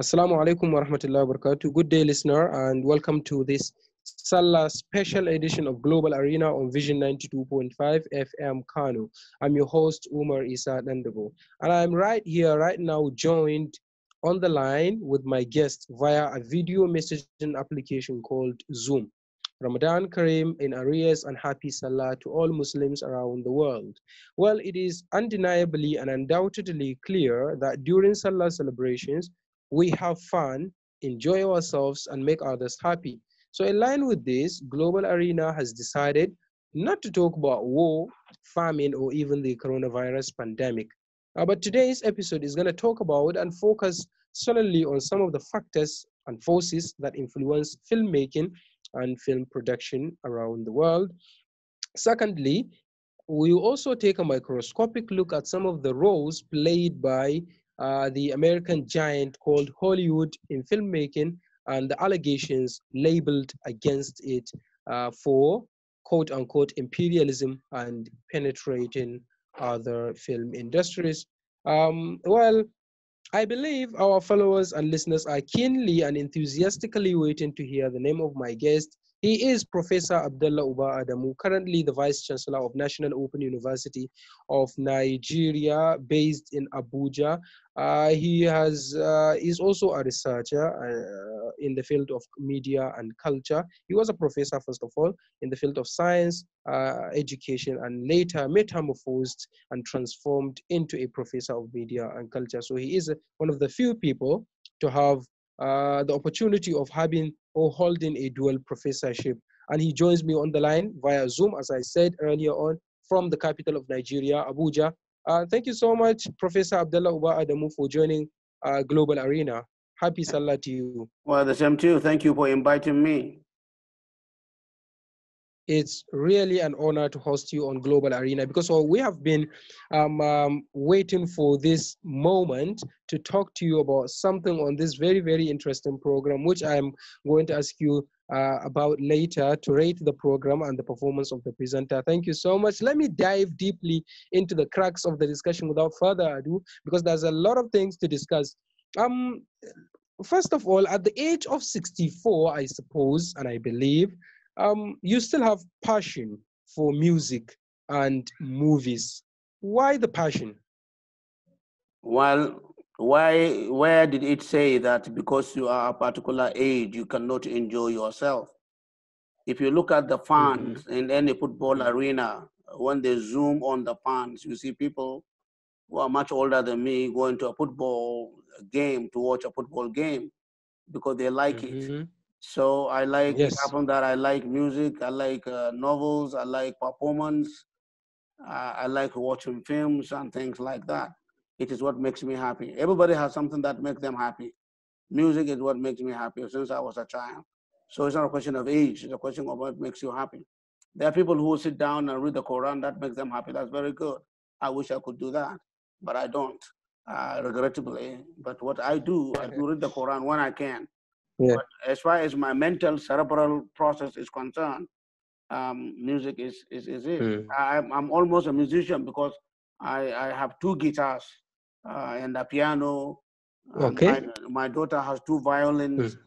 Assalamu alaikum wa rahmatullahi wa barakatuh. Good day, listener, and welcome to this Salah special edition of Global Arena on Vision 92.5 FM Kano. I'm your host, Umar Isa Nandabo, and I'm right here, right now, joined on the line with my guest via a video messaging application called Zoom. Ramadan Kareem in arrears and happy Salah to all Muslims around the world. Well, it is undeniably and undoubtedly clear that during Salah celebrations, we have fun, enjoy ourselves, and make others happy. So, in line with this, Global Arena has decided not to talk about war, famine, or even the coronavirus pandemic. Uh, but today's episode is going to talk about and focus solely on some of the factors and forces that influence filmmaking and film production around the world. Secondly, we will also take a microscopic look at some of the roles played by uh, the American giant called Hollywood in filmmaking and the allegations labeled against it uh, for quote unquote imperialism and penetrating other film industries. Um, well, I believe our followers and listeners are keenly and enthusiastically waiting to hear the name of my guest he is Professor Abdullah Uba Adamu, currently the Vice Chancellor of National Open University of Nigeria, based in Abuja. Uh, he has uh, is also a researcher uh, in the field of media and culture. He was a professor first of all in the field of science, uh, education, and later metamorphosed and transformed into a professor of media and culture. So he is one of the few people to have uh, the opportunity of having or holding a dual professorship. And he joins me on the line via Zoom, as I said earlier on, from the capital of Nigeria, Abuja. Uh, thank you so much, Professor Abdullah Uba Adamu, for joining uh, Global Arena. Happy Salah to you. Well, the same to you. Thank you for inviting me it's really an honor to host you on Global Arena because well, we have been um, um, waiting for this moment to talk to you about something on this very, very interesting program, which I'm going to ask you uh, about later to rate the program and the performance of the presenter. Thank you so much. Let me dive deeply into the cracks of the discussion without further ado because there's a lot of things to discuss. Um, first of all, at the age of 64, I suppose, and I believe, um, you still have passion for music and movies. Why the passion? Well, why? Where did it say that because you are a particular age, you cannot enjoy yourself? If you look at the fans mm-hmm. in any football arena, when they zoom on the fans, you see people who are much older than me going to a football game to watch a football game because they like mm-hmm. it. So I like yes. from that I like music, I like uh, novels, I like performance, uh, I like watching films and things like that. It is what makes me happy. Everybody has something that makes them happy. Music is what makes me happy since I was a child. So it's not a question of age, it's a question of what makes you happy. There are people who sit down and read the Quran, that makes them happy. That's very good. I wish I could do that, but I don't, uh, regrettably. But what I do, I do read the Quran when I can as far as my mental cerebral process is concerned, um, music is is is it. Mm. I'm I'm almost a musician because I I have two guitars uh, and a piano. Um, okay. my, daughter has two violins. Mm.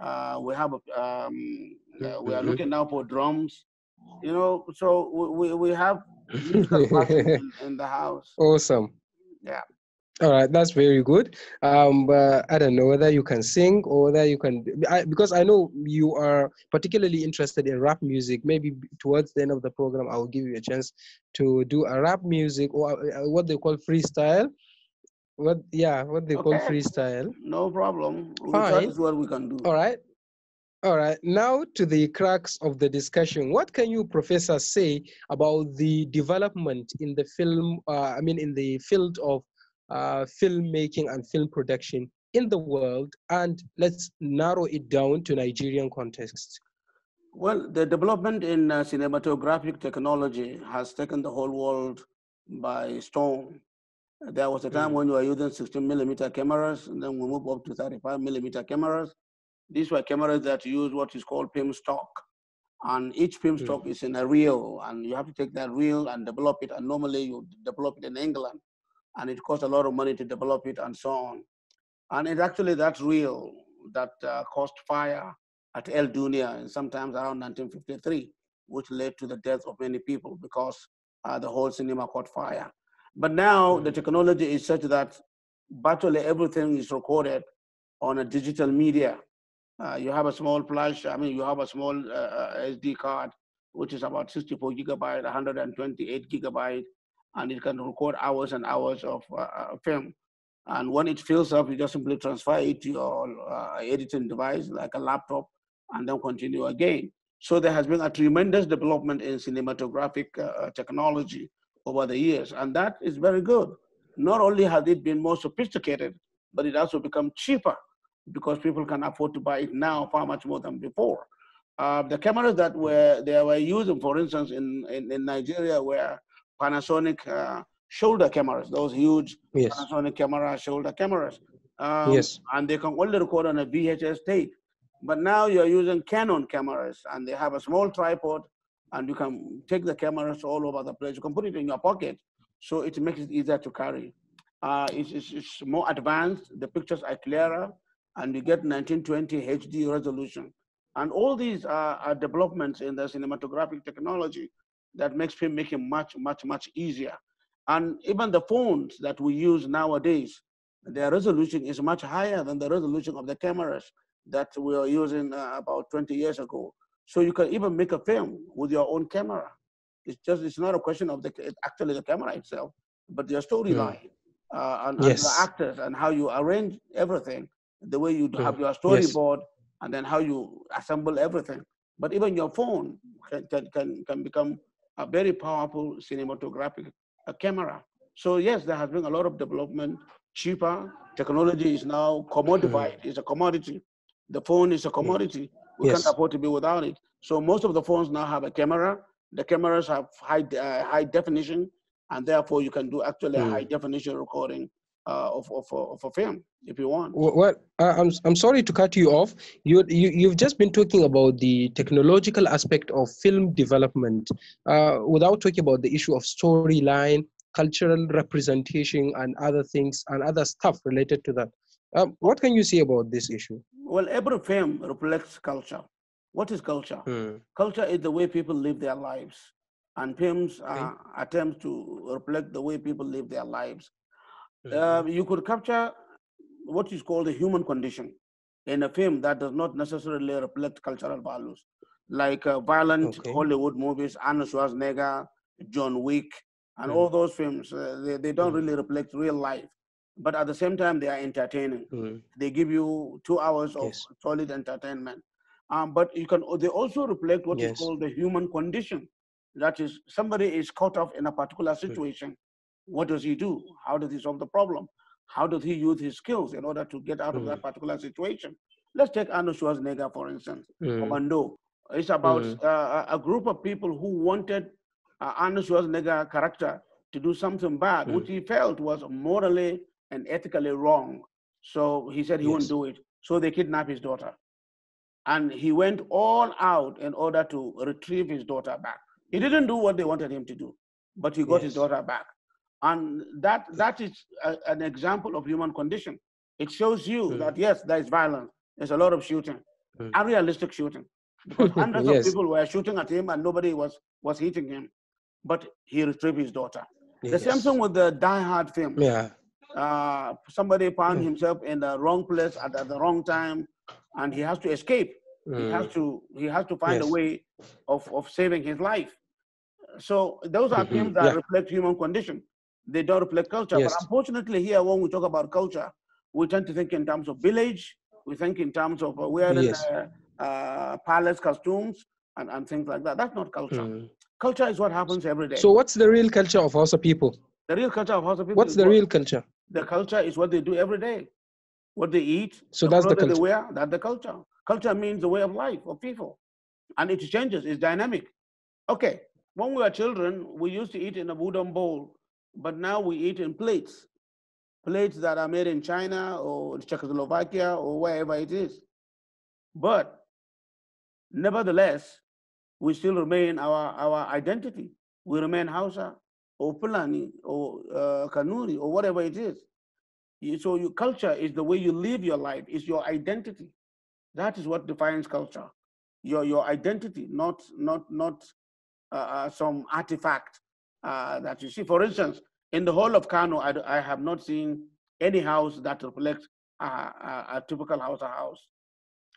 Uh, we have um, hmm, uh, we are mm-hmm. looking now for drums. You know, so we we have in, in the house. Awesome. Yeah. All right, that's very good. Um, but I don't know whether you can sing or whether you can, I, because I know you are particularly interested in rap music. Maybe towards the end of the program, I will give you a chance to do a rap music or uh, uh, what they call freestyle. What, yeah, what they okay. call freestyle. No problem. we That's what we can do. All right. All right, now to the crux of the discussion. What can you, Professor, say about the development in the film, uh, I mean, in the field of uh, filmmaking and film production in the world, and let's narrow it down to Nigerian context? Well, the development in uh, cinematographic technology has taken the whole world by storm. There was a time mm. when we were using 16 millimeter cameras, and then we moved up to 35 millimeter cameras. These were cameras that use what is called film stock. And each film mm. stock is in a reel, and you have to take that reel and develop it. And normally you develop it in England and it cost a lot of money to develop it and so on. And it's actually that real that uh, caused fire at El Dunia, sometimes around 1953, which led to the death of many people because uh, the whole cinema caught fire. But now the mm. technology is such that virtually everything is recorded on a digital media. Uh, you have a small flash, I mean, you have a small uh, uh, SD card, which is about 64 gigabyte, 128 gigabyte, and it can record hours and hours of uh, uh, film. And when it fills up, you just simply transfer it to your uh, editing device, like a laptop, and then continue again. So there has been a tremendous development in cinematographic uh, uh, technology over the years, and that is very good. Not only has it been more sophisticated, but it also become cheaper because people can afford to buy it now far much more than before. Uh, the cameras that were they were using, for instance, in, in, in Nigeria were Panasonic uh, shoulder cameras, those huge yes. Panasonic camera shoulder cameras. Um, yes. And they can only record on a VHS tape. But now you're using Canon cameras and they have a small tripod and you can take the cameras all over the place. You can put it in your pocket. So it makes it easier to carry. Uh, it's, it's, it's, more advanced. The pictures are clearer and you get 1920 HD resolution. And all these are, are developments in the cinematographic technology that makes filmmaking much, much, much easier. And even the phones that we use nowadays, their resolution is much higher than the resolution of the cameras that we were using uh, about 20 years ago. So you can even make a film with your own camera. It's just, it's not a question of the, actually the camera itself, but your storyline mm. uh, and, yes. and, the actors and how you arrange everything, the way you mm. have your storyboard yes. and then how you assemble everything. But even your phone can, can, can, can become a very powerful cinematographic uh, camera. So yes, there has been a lot of development, cheaper. Technology is now commodified. Mm. It's a commodity. The phone is a hmm. commodity. We yes. can't afford to be without it. So most of the phones now have a camera. The cameras have high, uh, high definition, and therefore you can do actually mm. high hmm. definition recording of, uh, of, of a film if you want. Well, I'm, I'm sorry to cut you off. You, you, you've just been talking about the technological aspect of film development uh, without talking about the issue of storyline, cultural representation, and other things and other stuff related to that. Um, what can you say about this issue? Well, every film reflects culture. What is culture? Hmm. Culture is the way people live their lives. And films okay. attempt to reflect the way people live their lives uh, you could capture what is called the human condition in a film that does not necessarily reflect cultural values, like uh, violent okay. Hollywood movies, Arnold Schwarzenegger, John Wick, and mm. all those films. Uh, they, they don't mm. really reflect real life, but at the same time, they are entertaining. Mm. They give you two hours of yes. solid entertainment. Um, but you can they also reflect what yes. is called the human condition. That is, somebody is caught up in a particular hmm. situation what does he do? How does he solve the problem? How does he use his skills in order to get out mm. of that mm. particular situation? Let's take Arnold Schwarzenegger, for instance, mm. Commando. It's about mm. uh, a group of people who wanted uh, Arnold Schwarzenegger character to do something bad, mm. which he felt was morally and ethically wrong. So he said he yes. won't do it. So they kidnapped his daughter. And he went all out in order to retrieve his daughter back. He didn't do what they wanted him to do, but he got yes. his daughter back. And that, that is a, an example of human condition. It shows you mm. that, yes, there is violence. There's a lot of shooting, mm. unrealistic shooting. Because hundreds yes. of people were shooting at him and nobody was, was hitting him. But he retrieved his daughter. Yes. The same thing with the Die Hard film. Yeah. Uh, somebody found mm. himself in the wrong place at, at, the wrong time, and he has to escape. Mm. He hmm. has to he has to find yes. a way of, of saving his life. So those are mm -hmm. that yeah. reflect human condition they don't reflect culture. Yes. But unfortunately, here when we talk about culture, we tend to think in terms of village. We think in terms of uh, wearing yes. uh, palace costumes and, and things like that. That's not culture. Mm. Culture is what happens every day. So, what's the real culture of Hausa people? The real culture of Hausa people. What's the what, real culture? The culture is what they do every day, what they eat. So the that's the culture. They wear, that's the culture. Culture means the way of life of people, and it changes. It's dynamic. Okay, when we were children, we used to eat in a wooden bowl but now we eat in plates, plates that are made in China or Czechoslovakia or wherever it is. But nevertheless, we still remain our, our identity. We remain Hausa or Fulani or uh, Kanuri or whatever it is. so your culture is the way you live your life, is your identity. That is what defines culture. Your, your identity, not, not, not uh, uh some artifact uh, that you see. For instance, in the whole of Kano, I, I have not seen any house that reflects a, a, a typical Hausa house.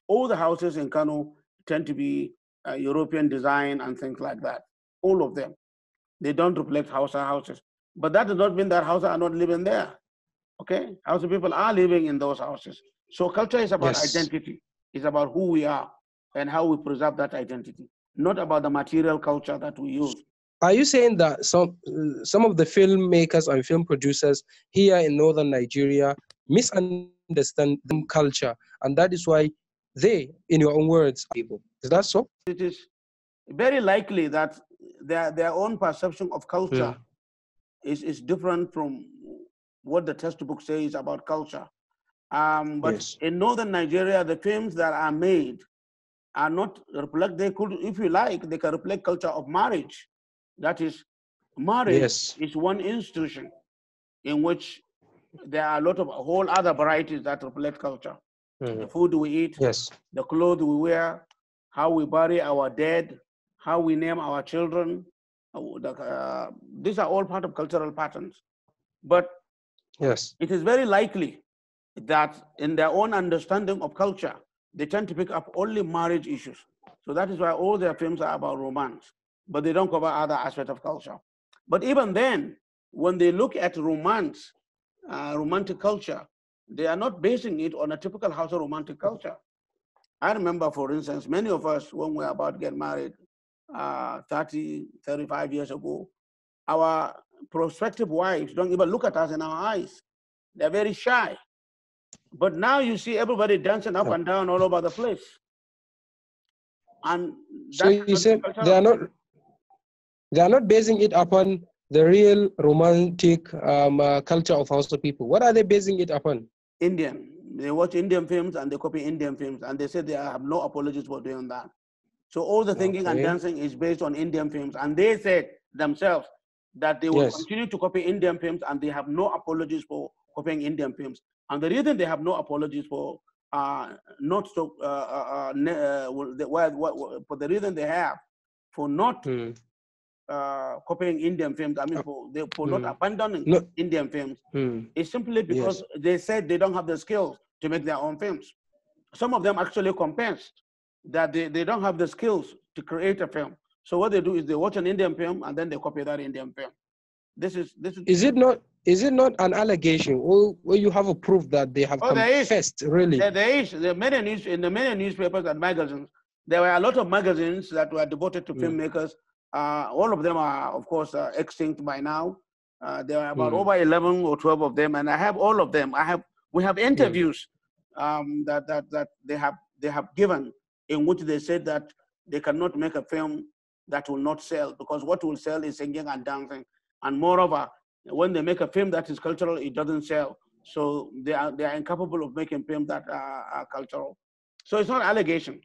All the houses in Kano tend to be uh, European design and things like that. All of them. They don't reflect Hausa houses. But that does not mean that Hausa are not living there. Okay? Hausa people are living in those houses. So culture is about yes. identity. It's about who we are and how we preserve that identity, not about the material culture that we use are you saying that some some of the filmmakers and film producers here in northern Nigeria misunderstand the culture, and that is why they, in your own words, people is that so? It is very likely that their their own perception of culture yeah. is is different from what the textbook says about culture. Um, but yes. in northern Nigeria, the films that are made are not reflect. They could, if you like, they can reflect culture of marriage that is, marriage yes. is one institution in which there are a lot of whole other varieties that reflect culture. Mm. The food we eat, yes. the clothes we wear, how we bury our dead, how we name our children. Uh, uh, these are all part of cultural patterns. But yes, it is very likely that in their own understanding of culture, they tend to pick up only marriage issues. So that is why all their films are about romance but they don't cover other aspects of culture. But even then, when they look at romance, uh, romantic culture, they are not basing it on a typical house of romantic culture. I remember, for instance, many of us, when we were about to get married uh, 30, 35 years ago, our prospective wives don't even look at us in our eyes. They're very shy. But now you see everybody dancing up and down all over the place. And so you said they are not they are not basing it upon the real romantic um, uh, culture of Hausa people. What are they basing it upon? Indian. They watch Indian films and they copy Indian films, and they say they have no apologies for doing that. So all the thinking okay. and dancing is based on Indian films, and they said themselves that they will yes. continue to copy Indian films, and they have no apologies for copying Indian films. And the reason they have no apologies for uh, not so, uh, uh, uh, uh for the reason they have for not mm uh, copying Indian films. I mean, oh. for, they, for mm. not hmm. abandoning no. Indian films, mm. it's simply because yes. they said they don't have the skills to make their own films. Some of them actually compensed that they, they don't have the skills to create a film. So what they do is they watch an Indian film and then they copy that Indian film. This is this is. Is it not? Is it not an allegation, or, you have a proof that they have oh, confessed? There is. Really, there, there is. The many news in the many newspapers and magazines. There were a lot of magazines that were devoted to mm. filmmakers uh, all of them are, of course, uh, extinct by now. Uh, there are about mm. over 11 or 12 of them, and I have all of them. I have we have hmm. interviews um, that, that, that they, have, they have given in which they said that they cannot make a film that will not sell because what will sell is singing and dancing. And moreover, when they make a film that is cultural, it doesn't sell. So they are, they are incapable of making films that are, are cultural. So it's not allegation.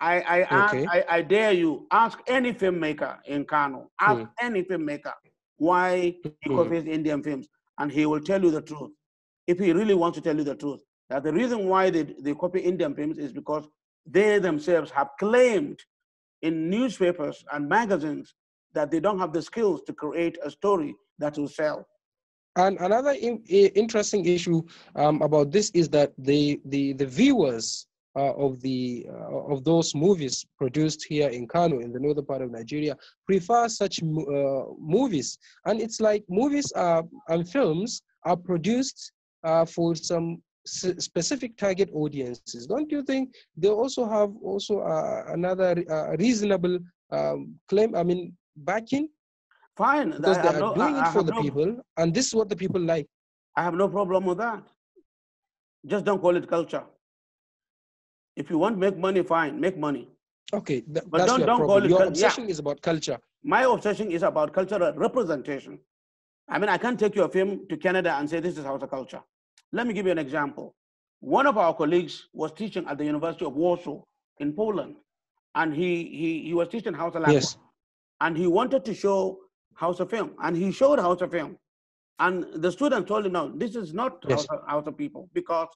I I, okay. ask, I, I dare you ask any filmmaker in Kano, ask mm. any filmmaker why he copies mm. Indian films, and he will tell you the truth. If he really wants to tell you the truth, that the reason why they, they copy Indian films is because they themselves have claimed in newspapers and magazines that they don't have the skills to create a story that will sell. And another in, interesting issue um, about this is that the, the, the viewers uh, of the uh, of those movies produced here in Kano in the northern part of Nigeria prefer such uh, movies, and it's like movies are, and films are produced uh, for some specific target audiences. Don't you think they also have also uh, another uh, reasonable um, claim? I mean, backing. Fine, because I they are no, doing I, it for the no, people, and this is what the people like. I have no problem with that. Just don't call it culture. If you want to make money, fine, make money. Okay, th but that's don't, your don't problem. Call it your obsession yeah. is about culture. My obsession is about cultural representation. I mean, I can't take your film to Canada and say this is Hausa culture. Let me give you an example. One of our colleagues was teaching at the University of Warsaw in Poland, and he, he, he was teaching Hausa language. Yes. And he wanted to show Hausa film, and he showed Hausa film. And the student told him, no, this is not yes. Hausa, Hausa people because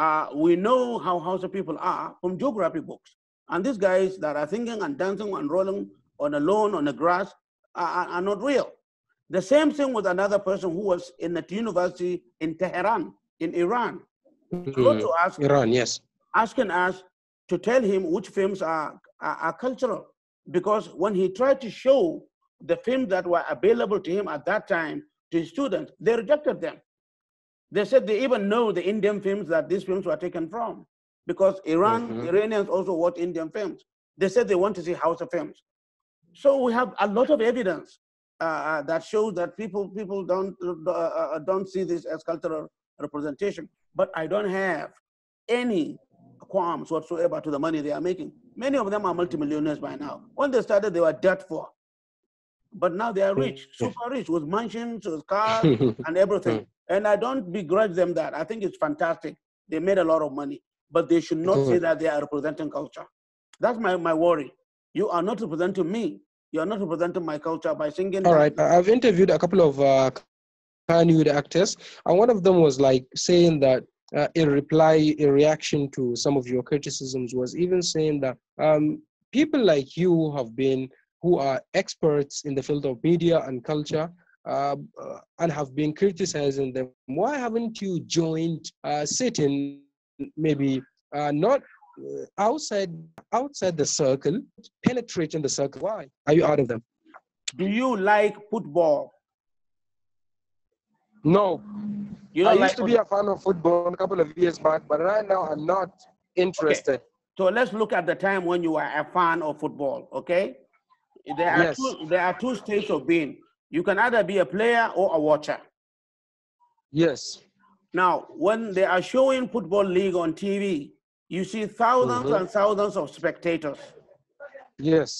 uh, we know how Hausa people are from geography books. And these guys that are singing and dancing and rolling on the lawn, on the grass, are, are not real. The same thing with another person who was in the university in Tehran, in Iran. Mm, to ask, Iran, yes. Asking us to tell him which films are, are, are cultural. Because when he tried to show the films that were available to him at that time to his students, they rejected them. They said they even know the Indian films that these films were taken from because Iran, mm-hmm. Iranians also watch Indian films. They said they want to see House of films. So we have a lot of evidence uh, uh that shows that people, people don't, uh, uh, uh, don't see this as cultural representation. But I don't have any qualms whatsoever to the money they are making. Many of them are multimillionaires by now. When they started, they were dirt poor. But now they are hmm. rich, super rich, with mansions, with cars, and everything. And I don't begrudge them that. I think it's fantastic. They made a lot of money, but they should not say that they are representing culture. That's my, my worry. You are not representing me. You are not representing my culture by singing. All right. I've interviewed a couple of uh, Hollywood actors, and one of them was like saying that uh, in reply, in reaction to some of your criticisms, was even saying that um, people like you have been who are experts in the field of media and culture um, uh, and have been criticizing them. Why haven't you joined uh, sitting maybe uh, not uh, outside outside the circle, penetrating the circle? Why are you out of them? Do you like football? No. You I like used to be a fan of football a couple of years back, but right now I'm not interested. Okay. So let's look at the time when you were a fan of football, okay? There are, yes. two, there are two states of being you can either be a player or a watcher. Yes. Now, when they are showing Football League on TV, you see 1000s mm -hmm. and thousands of spectators. Yes.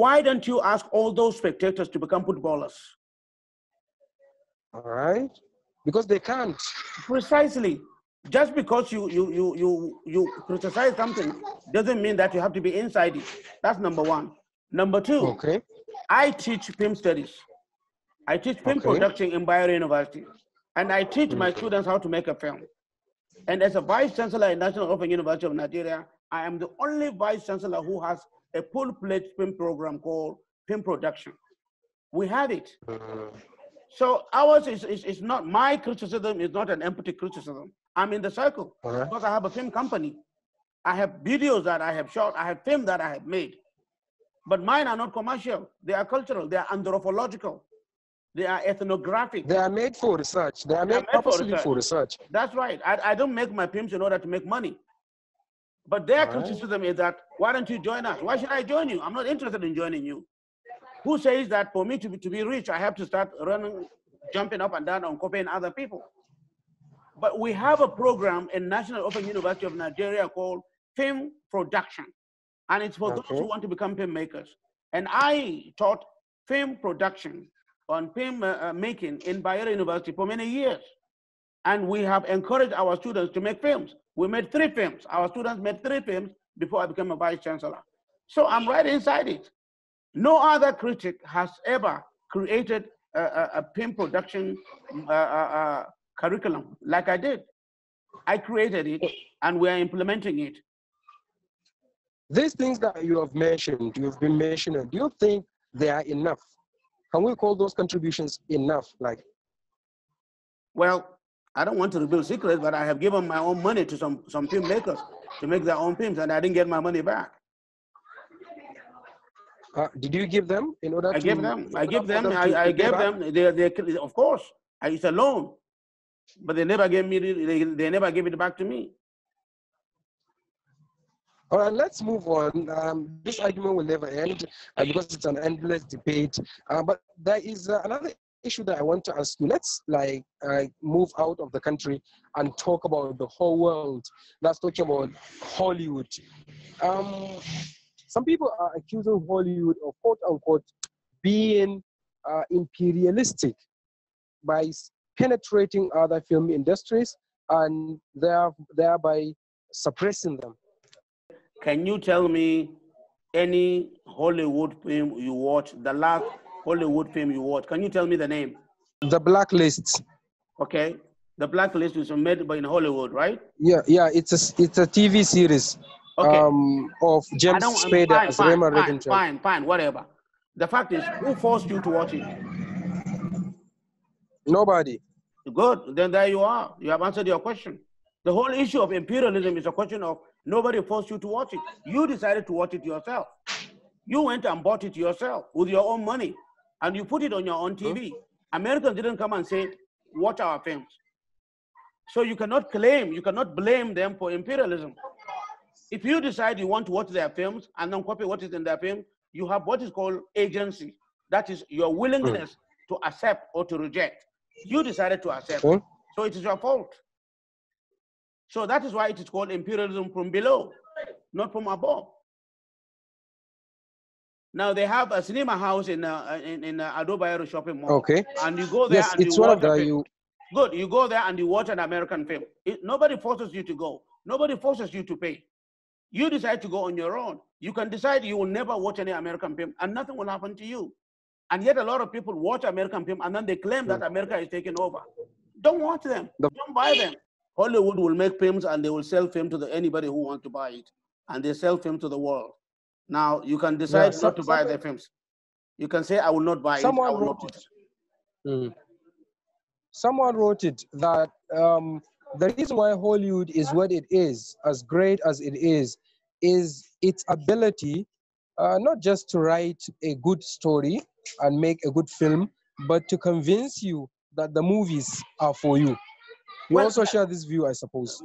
Why don't you ask all those spectators to become footballers? All right. Because they can't. Precisely. Just because you you you you you criticize something doesn't mean that you have to be inside it. That's number one. Number two. Okay. I teach film studies. I teach film okay. production in Bayer University, and I teach my students how to make a film. And as a vice chancellor at National Open University of Nigeria, I am the only vice chancellor who has a full-fledged film program called film production. We have it. Uh-huh. So ours is, is, is not, my criticism is not an empty criticism. I'm in the circle right. Uh-huh. because I have a film company. I have videos that I have shot. I have film that I have made. But mine are not commercial. They are cultural. They are anthropological. They are ethnographic. They are made for research. They are made, they are made purposely for research. for research. That's right. I, I don't make my films in order to make money. But their criticism is that, why don't you join us? Why should I join you? I'm not interested in joining you. Who says that for me to be, to be rich, I have to start running, jumping up and down on copying other people? But we have a program in National Open University of Nigeria called Film Production. And it's for okay. those who want to become filmmakers. And I taught film production on film uh, uh, making in Bayer University for many years. And we have encouraged our students to make films. We made three films. Our students made three films before I became a vice chancellor. So I'm right inside it. No other critic has ever created a, a, a film production mm, uh, uh, uh, curriculum like I did. I created it and we are implementing it. These things that you have mentioned, you've been mentioning, do you think they are enough can we call those contributions enough? Like, well, I don't want to reveal secrets, but I have given my own money to some, some film makers to make their own films, and I didn't get my money back. Uh, did you give them in order I to? Gave them. I gave them. I, to, I gave them. They, they, of course, I, it's a loan, but they never gave me. They, they never gave it back to me. All right, let's move on. Um, this argument will never end uh, because it's an endless debate. Uh, but there is uh, another issue that I want to ask you. Let's like uh, move out of the country and talk about the whole world. Let's talk about Hollywood. Um, some people are accusing Hollywood of quote unquote being uh, imperialistic by penetrating other film industries and thereby suppressing them. Can you tell me any Hollywood film you watched? The last Hollywood film you watched? Can you tell me the name? The Blacklist. Okay. The Blacklist was made by in Hollywood, right? Yeah, yeah. It's a it's a TV series. Okay. Um, of James Spader as Raymond fine, fine, fine, whatever. The fact is, who forced you to watch it? Nobody. Good. Then there you are. You have answered your question. The whole issue of imperialism is a question of Nobody forced you to watch it. You decided to watch it yourself. You went and bought it yourself with your own money and you put it on your own TV. Huh? Americans didn't come and say, watch our films. So you cannot claim, you cannot blame them for imperialism. If you decide you want to watch their films and then copy what is in their film, you have what is called agency. That is your willingness huh? Hmm. to accept or to reject. You decided to accept. Huh? So it is your fault. So that is why it is called imperialism from below, not from above. Now they have a cinema house in uh, in, in uh, Adobe shopping mall. Okay. And you go there yes, and it's you watch you... Good. You go there and you watch an American film. It, nobody forces you to go. Nobody forces you to pay. You decide to go on your own. You can decide you will never watch any American film, and nothing will happen to you. And yet, a lot of people watch American film, and then they claim that hmm. America is taking over. Don't watch them. The... Don't buy them. Hollywood will make films and they will sell film to the, anybody who wants to buy it, and they sell film to the world. Now you can decide yeah, some, not to buy their films. You can say, "I will not buy someone it." Someone wrote it. it. Mm. Someone wrote it that um, the reason why Hollywood is what it is, as great as it is, is its ability uh, not just to write a good story and make a good film, but to convince you that the movies are for you. You well, also uh, share this view, I suppose.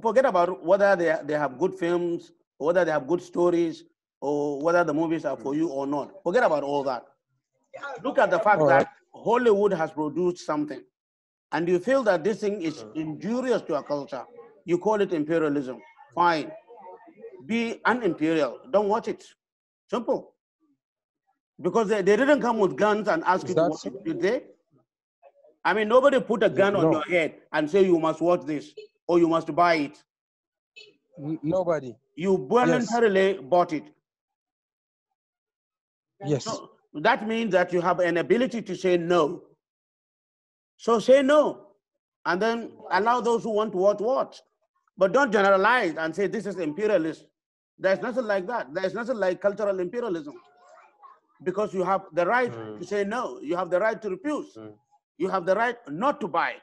Forget about whether they, they have good films, whether they have good stories, or whether the movies are for you or not. Forget about all that. Look at the fact right. that Hollywood has produced something, and you feel that this thing is uh-huh. injurious to our culture. You call it imperialism. Fine. Be unimperial. Don't watch it. Simple. Because they, they didn't come with guns and ask is you to watch so? it, did they? I mean, nobody put a gun on your head and say you must watch this or you must buy it. Nobody. You voluntarily yes. bought it. Yes. So that means that you have an ability to say no. So say no, and then allow those who want to watch watch, but don't generalize and say this is imperialist. There's nothing like that. There's nothing like cultural imperialism, because you have the right mm. to say no. You have the right to refuse. Mm. You have the right not to buy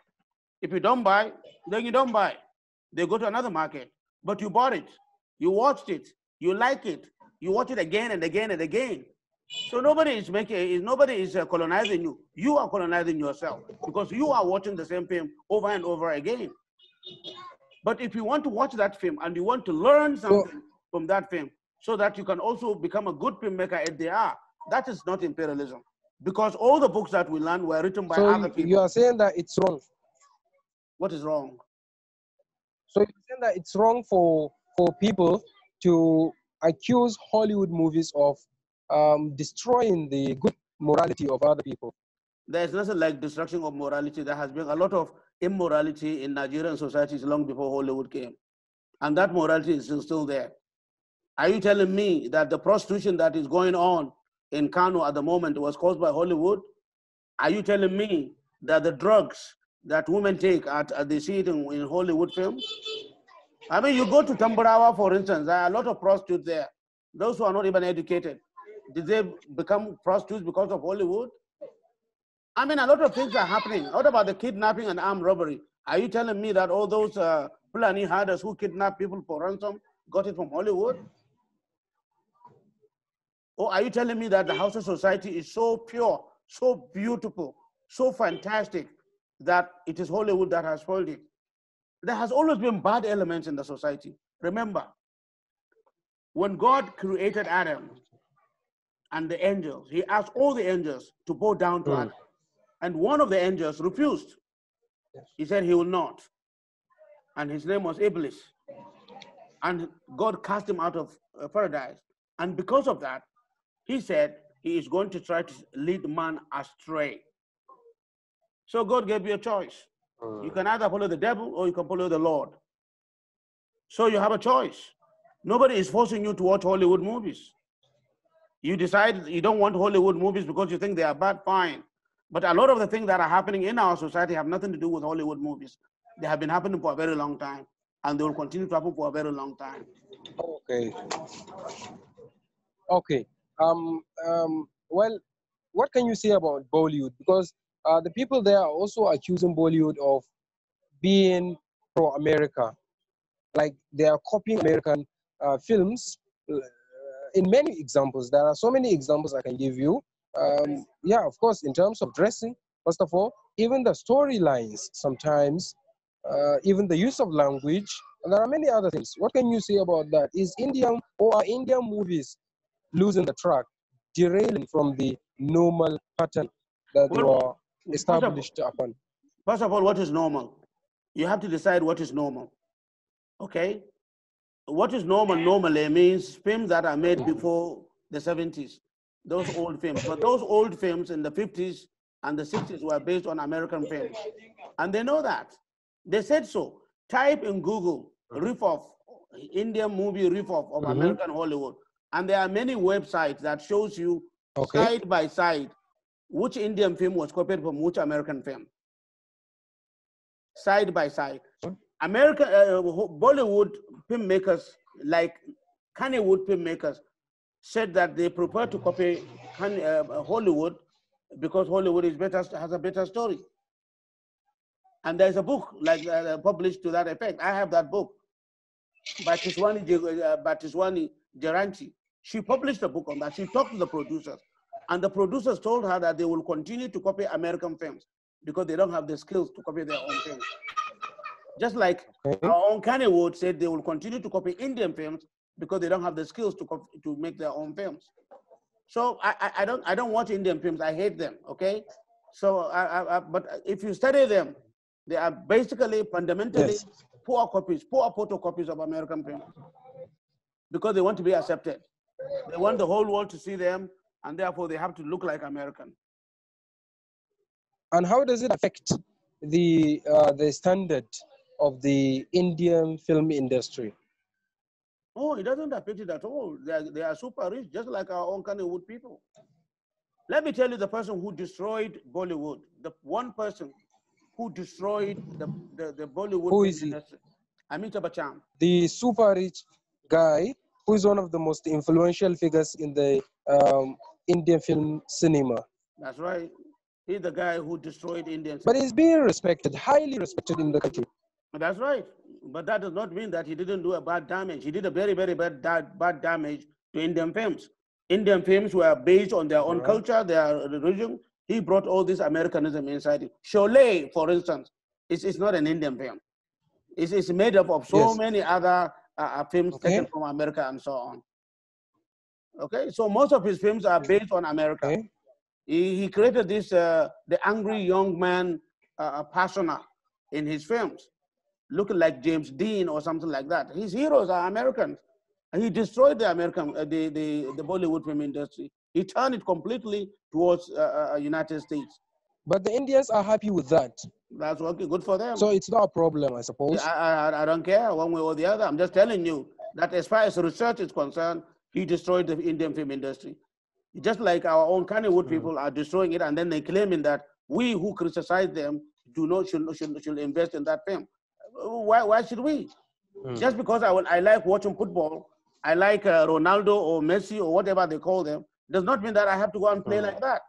If you don't buy, then you don't buy. They go to another market. But you bought it. You watched it. You like it. You watch it again and again and again. So nobody is making, nobody is uh, colonizing you. You are colonizing yourself because you are watching the same film over and over again. But if you want to watch that film and you want to learn something from that film, so that you can also become a good filmmaker if they are, that is not imperialism because all the books that we learned were written by so other people. You are saying that it's wrong. What is wrong? So you're saying that it's wrong for for people to accuse Hollywood movies of um, destroying the good morality of other people. There's nothing like destruction of morality. There has been a lot of immorality in Nigerian societies long before Hollywood came, and that morality is still there. Are you telling me that the prostitution that is going on in Kano at the moment was caused by Hollywood? Are you telling me that the drugs that women take at, at the shooting in, Hollywood films? I mean, you go to Tambarawa, for instance, there are a lot of prostitutes there. Those who are not even educated, did they become prostitutes because of Hollywood? I mean, a lot of things are happening. What about the kidnapping and armed robbery? Are you telling me that all those uh, Fulani herders who kidnap people for ransom got it from Hollywood? Oh, are you telling me that the Hausa society is so pure, so beautiful, so fantastic that it is Hollywood that has spoiled it? There has always been bad elements in the society. Remember, when God created Adam and the angels, he asked all the angels to bow down to mm. Adam. And one of the angels refused. He said he will not. And his name was Iblis. And God cast him out of uh, paradise. And because of that, he said he is going to try to lead man astray. So God gave you a choice. Mm. You can either follow the devil or you can follow the Lord. So you have a choice. Nobody is forcing you to watch Hollywood movies. You decide you don't want Hollywood movies because you think they are bad, fine. But a lot of the things that are happening in our society have nothing to do with Hollywood movies. They have been happening for a very long time and they will continue to happen for a very long time. Okay. Okay. Um, um, well, what can you say about Bollywood? Because uh, the people there are also accusing Bollywood of being pro America. Like they are copying American uh, films. Uh, in many examples, there are so many examples I can give you. Um, yeah, of course, in terms of dressing, first of all, even the storylines sometimes, uh, even the use of language, and there are many other things. What can you say about that? Is Indian or Indian movies losing the track, derailing from the normal pattern that well, are established first of, upon? First of all, what is normal? You have to decide what is normal. Okay? What is normal normally eh, means films that are made before the 70s, those old films. But those old films in the 50s and the 60s were based on American films. And they know that. They said so. Type in Google, riff off, Indian movie riff off of mm -hmm. American Hollywood and there are many websites that shows you okay. side by side which Indian film was copied from which American film. Side by side. American uh, Bollywood filmmakers like film filmmakers said that they prefer to copy uh, Hollywood because Hollywood is better, has a better story. And there's a book like uh, uh, published to that effect. I have that book, Batiswani, uh, one Geranchi. She published a book on that. She talked to the producers, and the producers told her that they will continue to copy American films because they don't have the skills to copy their own films. Just like okay. our own Kanye Wood said, they will continue to copy Indian films because they don't have the skills to copy, to make their own films. So I, I, I, don't I don't watch Indian films. I hate them. Okay, so I, I, but if you study them, they are basically fundamentally yes. poor copies, poor photocopies of American films because they want to be accepted. They want the whole world to see them, and therefore they have to look like American. And how does it affect the uh, the standard of the Indian film industry? Oh, it doesn't affect it at all. They are, they are super rich, just like our own Kannywood people. Let me tell you the person who destroyed Bollywood, the one person who destroyed the, the, the Bollywood who is industry. He? Amitabh Bachchan. The super rich guy who is one of the most influential figures in the um, Indian film cinema. That's right. He's the guy who destroyed Indian. But he's being respected, highly respected in the country. That's right. But that does not mean that he didn't do a bad damage. He did a very, very bad, bad damage to Indian films. Indian films were based on their own right. culture, their religion. He brought all this Americanism inside it. Cholet, for instance, is, is not an Indian film. It's, it's made up of so yes. many other uh, films okay. taken from America and so on. Okay, so most of his films are based on America. Okay. He, he created this, uh, the angry young man uh, uh, persona in his films, looking like James Dean or something like that. His heroes are Americans. He destroyed the American, uh, the, the, the Bollywood film industry. He turned it completely towards uh, uh, United States. But the Indians are happy with that. That's okay. Good for them. So it's not a problem, I suppose. I, I, I don't care one way or the other. I'm just telling you that as far as research is concerned, he destroyed the Indian film industry. Just like our own Kannywood mm. people are destroying it, and then they claiming that we who criticize them do not should, should, should invest in that film. Why, why should we? Mm. Just because I, I like watching football, I like uh, Ronaldo or Messi or whatever they call them, does not mean that I have to go and play mm. like that.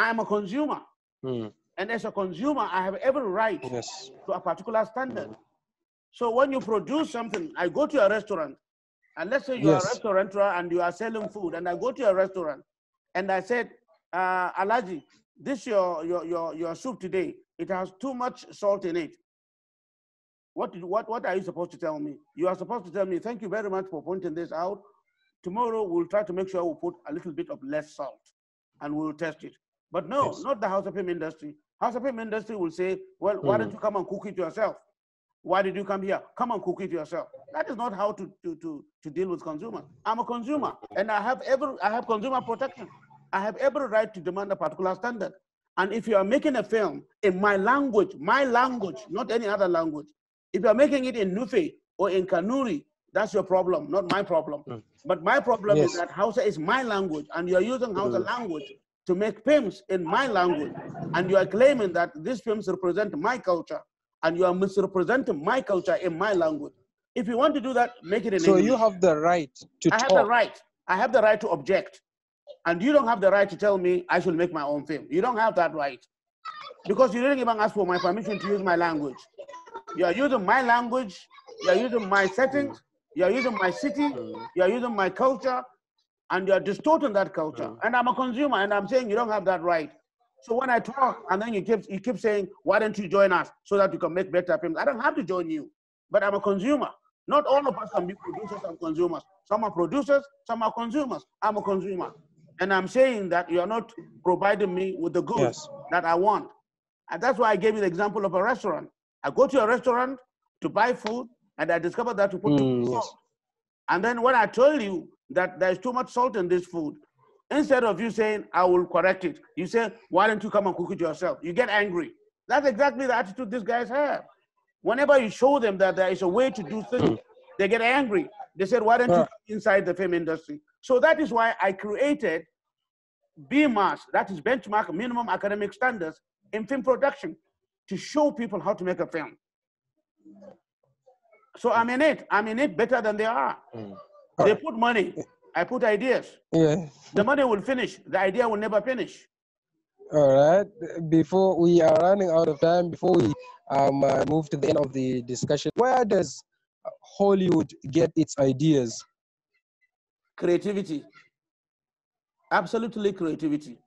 I'm a consumer. Mm. And as a consumer, I have every right yes. to a particular standard. Mm. So when you produce something, I go to a restaurant, and let's say you yes. are a restaurateur and you are selling food, and I go to a restaurant, and I said, uh, Alaji, this your, your your your soup today, it has too much salt in it. What, what, what are you supposed to tell me? You are supposed to tell me, thank you very much for pointing this out. Tomorrow we'll try to make sure we put a little bit of less salt and we'll test it. But no, yes. not the House of Film industry. House of Film industry will say, well, mm. why don't hmm. you come and cook it yourself? Why did you come here? Come and cook it yourself. That is not how to, to, to, to deal with consumers. I'm a consumer and I have every I have consumer protection. I have every right to demand a particular standard. And if you are making a film in my language, my language, not any other language, if you are making it in Nufe or in Kanuri, that's your problem, not my problem. Mm. But my problem yes. is that Hausa is my language and you're using Hausa mm. language to make films in my language, and you are claiming that these films represent my culture, and you are misrepresenting my culture in my language. If you want to do that, make it in so English. So you have the right to I talk. have the right. I have the right to object. And you don't have the right to tell me I should make my own film. You don't have that right. Because you didn't even ask for my permission to use my language. You are using my language, you are using my settings, you are using my city, you are using my culture, and you're distorting that culture. Mm. And I'm a consumer and I'm saying you don't have that right. So when I talk and then you keep you keep saying, why don't you join us so that you can make better payments? I don't have to join you, but I'm a consumer. Not all of us can be producers and consumers. Some are producers, some are consumers. I'm a consumer. And I'm saying that you are not providing me with the goods yes. that I want. And that's why I gave you the example of a restaurant. I go to a restaurant to buy food and I discover that to put mm, yes. And then when I told you that there's too much salt in this food. Instead of you saying, I will correct it, you say, why don't you come and cook it yourself? You get angry. That's exactly the attitude these guys have. Whenever you show them that there is a way to do things, hmm. they get angry. They said, why don't you inside the film industry? So that is why I created BMAS, that is benchmark minimum academic standards in film production to show people how to make a film. So I'm in it. I'm in it better than they are. Mm. They put money. I put ideas. Yeah. The money will finish. The idea will never finish. All right. Before we are running out of time, before we um, uh, move to the end of the discussion, where does Hollywood get its ideas? Creativity. Absolutely creativity.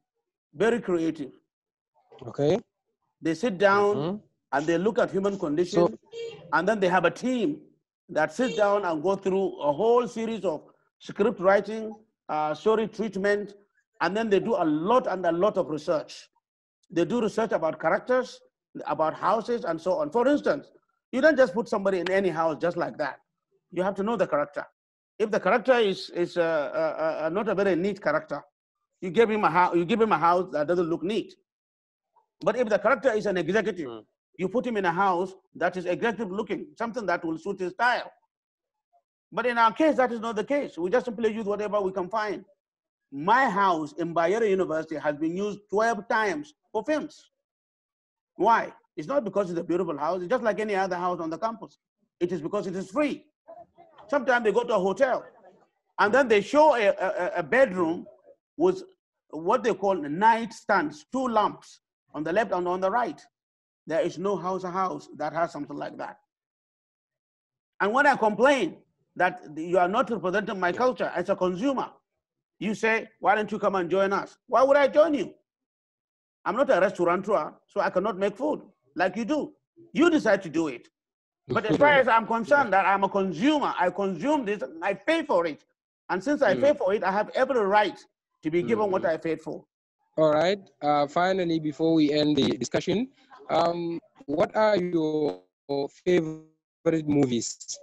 Very creative. Okay. They sit down mm -hmm. and they look at human condition so, and then they have a team that sit down and go through a whole series of script writing, uh, story treatment, and then they do a lot and a lot of research. They do research about characters, about houses, and so on. For instance, you don't just put somebody in any house just like that. You have to know the character. If the character is, is uh, uh, uh, not a very neat character, you give, him a you give him a house that doesn't look neat. But if the character is an executive, hmm. You put him in a house that is aggressive looking, something that will suit his style. But in our case, that is not the case. We just simply use whatever we can find. My house in Bayera University has been used 12 times for films. Why? It's not because it's a beautiful house. It's just like any other house on the campus. It is because it is free. Sometimes they go to a hotel and then they show a, a, a bedroom with what they call night stands, two lamps on the left and on the right. There is no house a house that has something like that. And when I complain that you are not representing my culture as a consumer, you say, why don't you come and join us? Why would I join you? I'm not a restaurateur, so I cannot make food like you do. You decide to do it. But as far as I'm concerned, that I'm a consumer, I consume this, I pay for it. And since I mm. pay for it, I have every right to be given mm. what mm-hmm. I paid for. All right. Uh, finally, before we end the discussion, um, what are your favorite movies?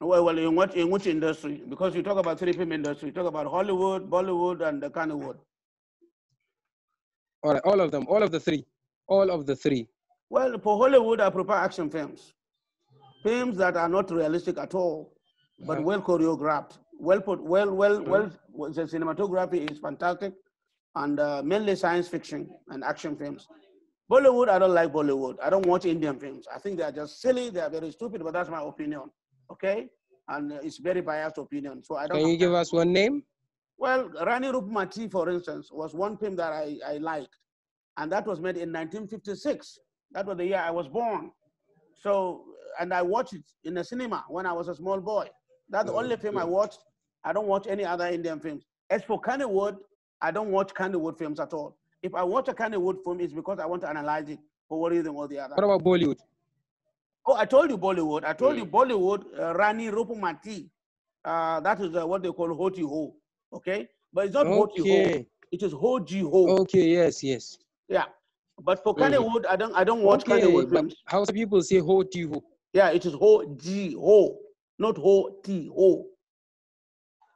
Well, well, in what in which industry? Because you talk about three film industry, you talk about Hollywood, Bollywood, and the Kannywood. All right, all of them, all of the three, all of the three. Well, for Hollywood, I prefer action films, films that are not realistic at all, but uh-huh. well choreographed, well put, well, uh-huh. well, well. The cinematography is fantastic, and uh, mainly science fiction and action films. Bollywood, I don't like Bollywood. I don't watch Indian films. I think they are just silly. They are very stupid, but that's my opinion. Okay? And it's very biased opinion. So I don't. Can you give that. us one name? Well, Rani Rupmati, for instance, was one film that I, I liked. And that was made in 1956. That was the year I was born. So, and I watched it in the cinema when I was a small boy. That's the oh, only film I watched. I don't watch any other Indian films. As for Candywood, I don't watch Candywood films at all. If I watch a kind of Wood film, it's because I want to analyze it for one reason or the other. What about Bollywood? Oh, I told you Bollywood. I told mm. you Bollywood, uh, Rani Rupumati. Uh, that is uh, what they call Hoti Ho. Okay? But it's not okay. Hoti Ho. It is Ho Hoji Ho. Okay, yes, yes. Yeah. But for kind of Wood, mm. I don't I don't watch okay, of Wood films. How people say Ho Ti Ho? Yeah, it is Ho Hoji Ho, not Ho Ti Ho.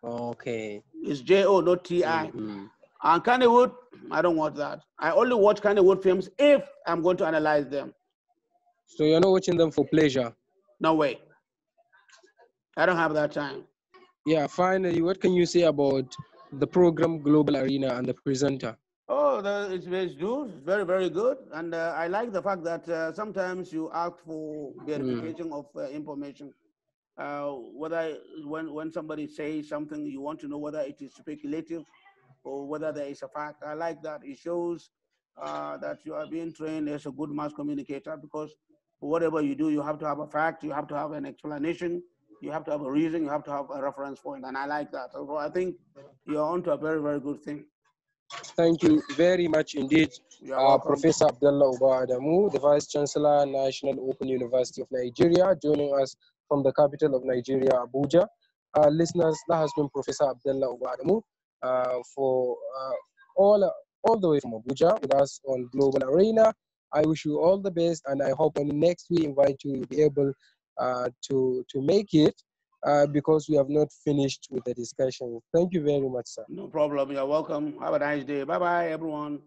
Okay. It's J O, not T I. Mm-hmm. And Kanye Wood, I don't watch that. I only watch kind of good films if I'm going to analyze them. So you're not watching them for pleasure? No way. I don't have that time. Yeah, finally, what can you say about the program Global Arena and the presenter? Oh, the, it's, it's good, very, very good. And uh, I like the fact that uh, sometimes you ask for verification mm. of uh, information. Uh, whether when, when somebody says something, you want to know whether it is speculative or whether there is a fact. I like that. It shows uh, that you are being trained as a good mass communicator because whatever you do, you have to have a fact, you have to have an explanation, you have to have a reason, you have to have a reference point. And I like that. So I think you're onto a very, very good thing. Thank you very much indeed, uh, Professor Abdullah Uba Adamu, the Vice Chancellor, National Open University of Nigeria, joining us from the capital of Nigeria, Abuja. Uh, listeners, that has been Professor Abdullah Uba Adamu. Uh, for uh, all all the way from Abuja with us on Global Arena. I wish you all the best, and I hope next we invite you to be able uh, to to make it. Uh, because we have not finished with the discussion. Thank you very much, sir. No problem. You're welcome. Have a nice day. Bye bye, everyone.